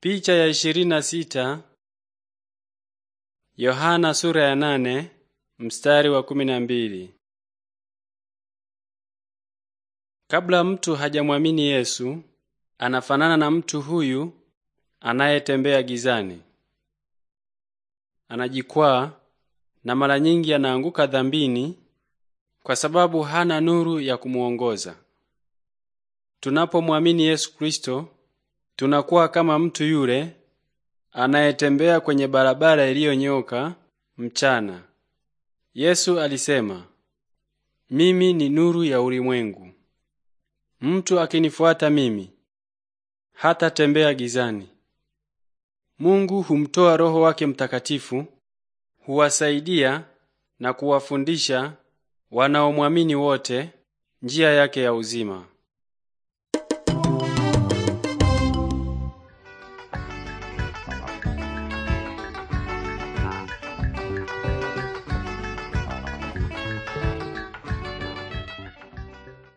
Picha ya ishirini na sita Yohana sura ya nane mstari wa kumi na mbili. Kabla mtu hajamwamini Yesu, anafanana na mtu huyu anayetembea gizani, anajikwaa na mara nyingi anaanguka dhambini, kwa sababu hana nuru ya kumuongoza. Tunapomwamini Yesu Kristo Tunakuwa kama mtu yule anayetembea kwenye barabara iliyonyoka mchana. Yesu alisema, mimi ni nuru ya ulimwengu. Mtu akinifuata mimi hatatembea gizani. Mungu humtoa Roho wake Mtakatifu, huwasaidia na kuwafundisha wanaomwamini wote njia yake ya uzima.